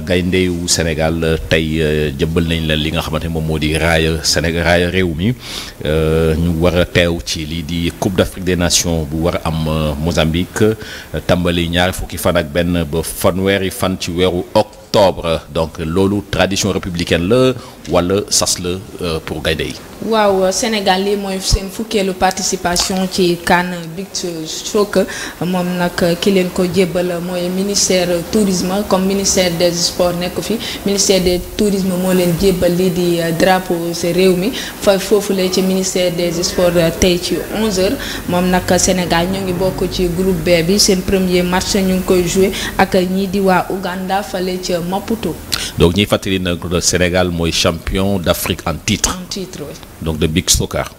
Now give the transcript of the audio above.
gayndeyu Sénégal euh, tey euh, jëbbal nañ leen li nga xamante moom moo di raaya Sénégal raaya réew mi euh, ñu war a teew ci lii di Coupe d'Afrique des Nations bu war a am Mozambique tàmbali ñaar fukki fan ak benn ba fanweeri fan ci weeru ok octobre donc lolo tradition républicaine le wala sas le euh, pour waouh sénégalais waaw Sénégal lii fou que la participation ci CAN Beach Soccer moom nag ki leen ko moi le ministère tourisme comme ministère des sports nekk fi ministère des tourisme moi leen des drapeaux di euh, drapeau c'est faut mi le ministère des sports euh, tey ci 11h moom nag Sénégal ñu ngi bokk ci groupe B bi le premier match ñu ngi koy joué ak ñii diwa Ouganda fallait Maputo. donc ni fàttali du Sénégal moi champion d'Afrique en titre. en titre oui. donc de big soccer.